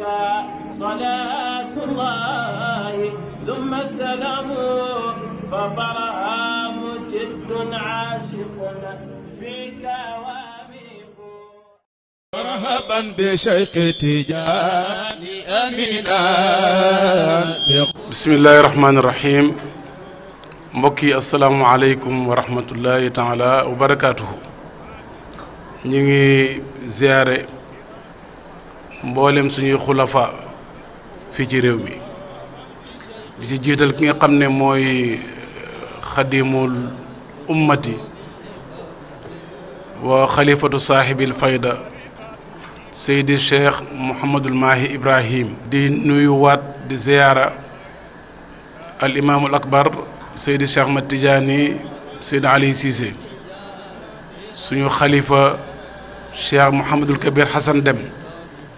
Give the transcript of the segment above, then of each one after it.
عليك صلاة الله ثم السلام فبرهام جد عاشق فيك مرحبا بشيخ تجاني امينا بسم الله الرحمن الرحيم mbokki asalaamualeykum wa rahmatullahi taala wa barakaatuhu ñu ngi ziare mboolem suñuy xulafa fii ci réew mi di ci jiital ki nga xam ne mooy euh, xadimul ummati wa xalifatu saaxibil fayda seydi cheikh mouhamadul maahi ibrahim di nuyu waat di ziyaara al imaamul akbar seydi cheikh ma tijaani seydi ali siise suñu xalifa cheikh mouhamadul kabir xasan dem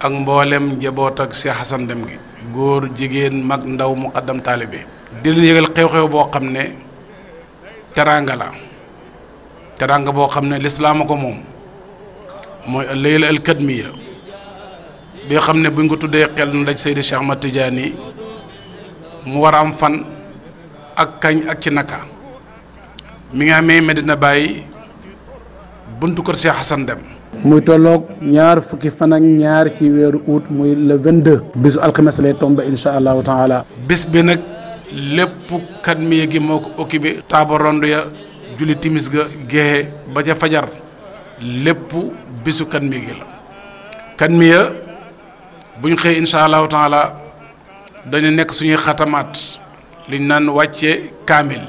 ak mboolem njaboot ak Cheikh Hassane Dème gi góor jigéen mag ndaw muqaddam taalibe di leen yëgal xew-xew boo xam ne teraanga la teraanga boo xam ne lislaama ko moom mooy layla al kadmiya bi nga xam ne buñ ko tuddee xel na daj Seydi Cheikh Ahmad mu war a am fan ak kañ ak ci naka mi nga amee Medina Baye buntu kër Cheikh Hassane Dème muy tolloog ñaar fukki fan ñaar ci weeru août muy le 22 bisu alxames lay tombe incha allahu taala bis bi nag lépp kadmiye gi moo ko occupé taaba rond ya julli timis ga géexe ba ca fajar lépp bisu kadmiye gi la kadmiye bu ñu xëyee incha allahu taala dañu nekk suñuy xatamaat liñ naan wàcce kaamil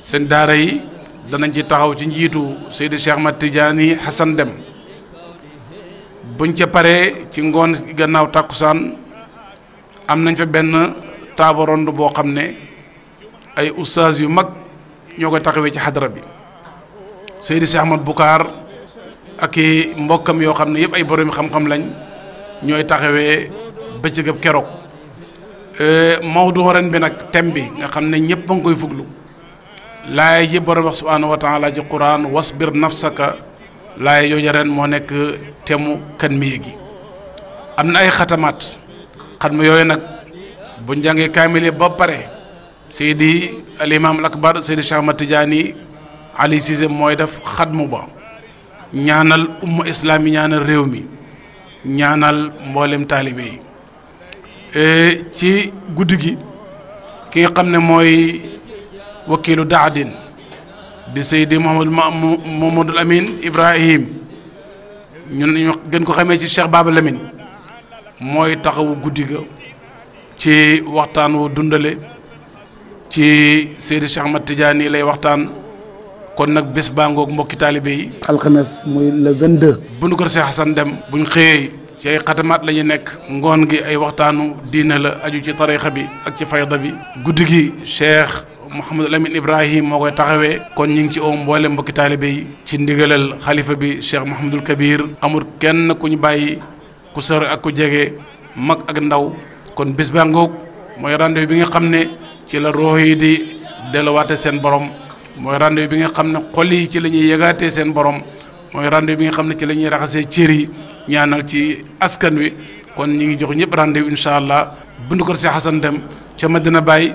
seen daara yi danañ ci taxaw ci njiitu Seydi Cheikh Ahmad Tidiane Hassan Dem buñ ca paree ci ngoon gannaaw tàkkusaan am nañ fa benn table boo xam ne ay ustaas yu mag ñoo koy taxawee ci xadara bi Seydi Cheikh Ahmad Bukaar ak i mbokkam yoo xam ne yëpp ay borom xam-xam lañ ñooy taxawee bëccëg keroog keroog Maodo ren bi nag thème bi nga xam ne ñëpp a ngi koy fuglu laay ji borom wax subhaanahu ci quran wasbir nafsaka laay yooyu ren moo nekk temu kan mii gi am na ay xatamaat xatma yooyu nag bu njàngee kaamil ba pare seydi alimaam al akbar seydi Cheikh Ahmad Ali Cissé mooy def xatmu ba ñaanal umma islaam ñaanal réew mi ñaanal mboolem taalibe yi eh, ci guddi gi ki nga xam ne mooy wakiilu daadin di Seydi Mouhamadou Mouhamadou Amine Ibrahim ñun ñu gën ko xamee ci Cheikh Baba Lamine mooy taxawu guddi ga ci waxtaan wu dundale ci Seydi Cheikh Ahmad Tidiane lay waxtaan kon nag bés baa ngoog mbokki taalibe yi. alxames muy le 22. bu nu ko Cheikh Hassan dem buñ xëyee ci ay xatamaat la nekk. ngoon gi ay waxtaanu diine la aju ci tariixa bi ak ci fayda bi. guddi gi Cheikh. Mouhamadul Amin Ibrahim moo koy taxawee kon ñu ngi ci oo mboolem mbokki taalibe yi ci ndigalal xalifa bi Cheikh Mouhamadul Kabir amul kenn ku ñu bàyyi ku sore ak ku jege mag ak ndaw kon bis baa ngoog mooy rendez bi nga xam ne ci la roox yi di delluwaate seen borom mooy rendez bi nga xam ne xol yi ci la ñuy yëgaatee seen borom mooy rendez bi nga xam ne ci la ñuy raxasee cër yi ñaanal ci askan wi kon ñu ngi jox ñëpp rendez-vous incha allah bundu kër si Xasan Dem ca Madina Baye